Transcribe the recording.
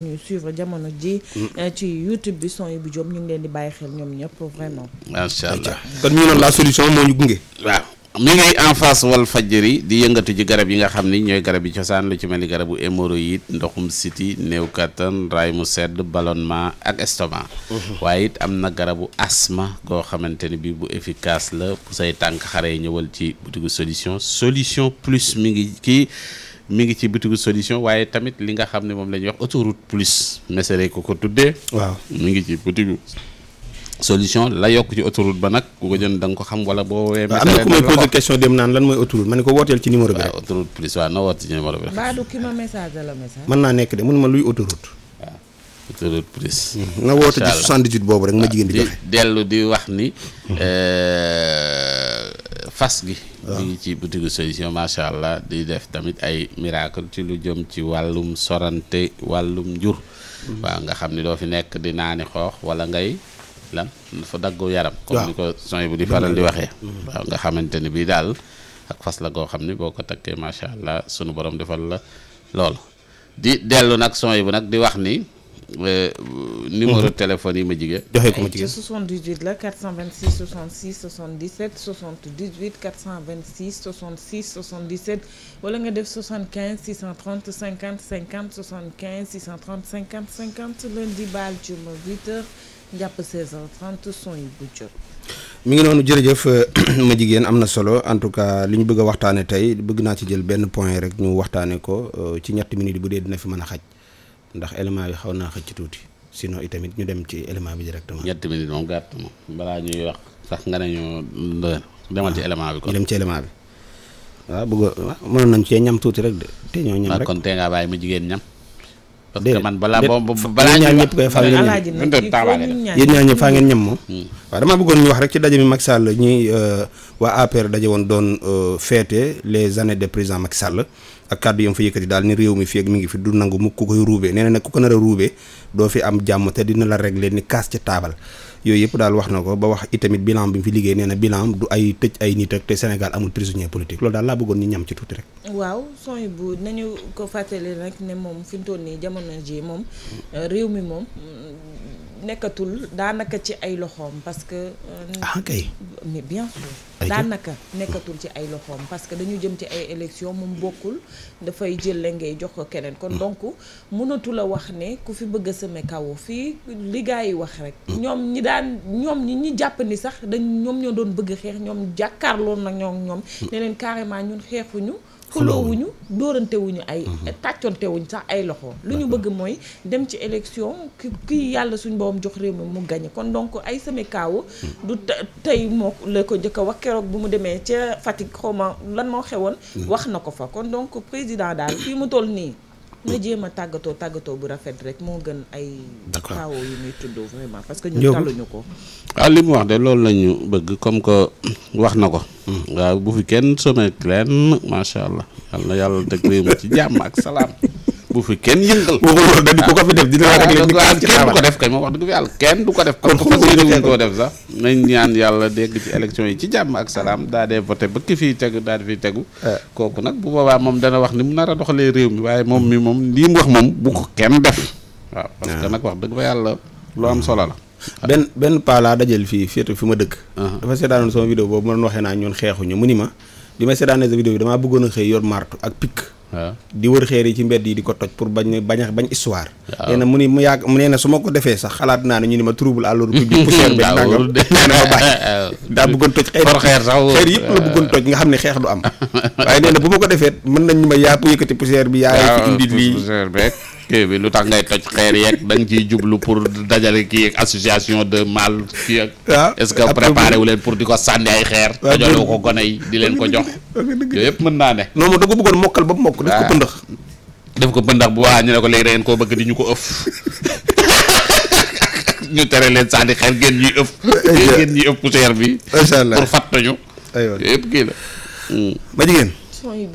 ñu jamono ji mm. eh, ci bi son bu jom ñu ngi bàyyi xel ñoom ñëpp macha allah la solution moo ñu gunge. waaal ñu ngi en face wal fajjari di yëngatu ci garab yi nga xam ni ñooy garab yi cosaan lu ci mel ni garabu hémorroïde ndoxum siti new kattan raay mu sedd ballonnement ak estomac. Mm-hmm. waaye it am na garabu asthme goo xamante ni bii bu efficace la bu say tànk xare ñëwal ci butigu solution solution plus mi ngi mi ngi ci bitigu solution waaye tamit li nga xam ne moom la ñuy wax autoroute plus mesere ko ko tuddee. waaw mi ngi ci bitigu solution la yokk ci autoroute ba nag ku ko jënd da nga ko boo. wee na ku dem naan lan mooy autoroute ma ko wooteel ci numéro bi rek. man naa nekk de mun ma luy autoroute. waaw autoroute hmm, na woote ci 78 boobu rek ma jigéen di joxe. dellu di wax ni. Hmm. Euh, fas gi ñu ngi ci boutique solution macha allah di def tamit ay miracle ci lu jëm ci wàllum sorante wàllum njur mm-hmm. waaw nga xam ne doo fi nekk di naani xoox wala ngay lan fa daggu yaram comme ni ko sony bu di faral di waxee mm-hmm. Mm-hmm. waaw nga xamante ni bii daal ak fas la goo xam ne boo ko takkee macha allah sunu borom defal la loolu di dellu nag sony bu nag di wax ni Euh, numéro téléphone yi ma jigéen. joxe ko ma jigéen 78 la 426 66 77 78 426 66 77 wala nga def 75 630 50 50 75 630 50 50 lundi baal juma 8h jàpp 16h30 son yi bu jot. mi ngi noonu jërëjëf euh, ma jigéen am na solo en tout cas li ñu bëgg a waxtaane tey bëgg naa ci jël benn point rek ñu waxtaane ko euh, ci ñetti minutes bu dee dina fi mën a xaj. ndax élément bi xaw naa xëcc tuuti sinon itamit ñu dem ci élément bi directement. ñetti minutes moom gàtt moom balaa ñuy wax sax nga ne ñu demal ci élément bi. kon dem ci élément bi. waaw bëgg a nañ cee ñam tuuti rek de ñoo ñam ah, rek kon ma jigéen ñam. man balaa boobu balaa ñuy ñëpp koy faa ngeen ñam yéen ñaa ñëpp hmm. bëggoon ñu wax rek ci daje mi Macky Sall ñi euh, waa APR daje woon doon euh, fêter les années de prisent Macky Sall. ak kàddu yam fa yëkkati daal ni réew mi fii ak mi ngi fi du nangu mukk ku koy ruubee nee na nag ku ko nar a ruubee doo fi am jàmm te dina la régler ni kaas ca taabal yooyu yëpp daal wax na ko ba wax itamit bilan bi fi liggéey nee bilan du ay tëj ay nit ak te Sénégal amul prisonnier politique loolu daal laa bëggoon ñu ñam ci tuuti rek. waaw sooy bu nañu ko fàttali rek ne moom fi nii jamono ji moom mm. réew mi moom. nekkatul daanaka ci ay loxoom parce que. Euh, ah bien daanaka nekkatul ci ay loxoom parce que dañu jëm ci ay élections moom bokkul dafay jël la ngay jox ko keneen. kon hmm. donc mënatu a wax ne ku fi bëgg a sëme kaw fii li yi wax rek. Hmm. ñoom ñi daan ñoom ñi ñi jàpp ni sax dañ ñoom ñoo doon bëgg xeex ñoom jàkkaarloo nag ñoom ñoom. Hmm. ne leen carrément ñun xeexuñu. xuloowuñu dóorante wuñu ay mhm. tàcconte wuñ sax ay loxo lu ñu bëgg mooy dem ci élection ki kii yàlla suñ boobam jox réew mi mu gañe kon donc ay seme kaaw hmm. du tey moo la ko jëkk a wax keroog bu mu demee ca Fatick xaw lan moo xewoon hmm. wax na ko fa kon donc président daal fii mu toll nii na jéem a tàggatoo tàggatoo bu rafet rek moo gën ay. d'accord taw yu muy tudd vraiment parce que ñu taluñu ko. ah li mu wax de loolu lañu bëgg comme que wax na ko. Hmm. waaw bu fi kenn sommet lenn macha allah yal na yàlla teg réew mi ci jàmm ak salaam. bu fi kenn yëngal waxul dañ la rek ni kaal ah, ci kenn du ko def kay moom wax dëgg fi yàlla ba ki fii tegu eh. dana wax ni mu nar a doxalee réew mi waaye moom mi moom lii mu wax moom bu ko kenn def waaw parce que ah. nag wax dëgg fa yàlla lu am solo la benn benn paa laa dajal fii féetu fi ma dëkk ah. dafa seetaanoon sama vidéo boobu ma doon waxee naa ñun xeexuñu mu ni ma bi ma seetaanee sa vidéo bi damaa bëggoon a xëy yor martu ak pikk di wër xeer yi ci mbedd yi di ko toj pour bañ bañ bañ histoire nee na mu ni mu yàgg nee na su ma ko defee sax xalaat naa ne ñu ni ma trouble à l'ordre public poussière bi nangam nee na ma bàyyi daa bëggoon toj xeer xeer yëpp la bëggoon toj nga xam ne xeex du am waaye nee na bu ma ko defee mën nañ ñu ma yaa yëkkati poussière bi yaa fi indi lii kii bi lu tax ngay toj xeer yeeg da nga ciy jublu pour dajale kii association de mal fii ak. Ah, est-ce que préparé wu leen pour di ko sànni ay xeer. waaw ah, dajale ko gone yi di leen ko jox. yooyu yëpp mën naa ne. non moom da ko bëgg mokkal ba mokk. def ko ah. pëndax. def ko pëndax bu waa ñu ne ko léegi da ngeen koo bëgg di ñu ko ëf. ñu tere leen sànni xeer ngeen ñuy ëf. ngeen ñuy ëf poussière bi. macha allah pour fàttañu. aywa yooyu yëpp kii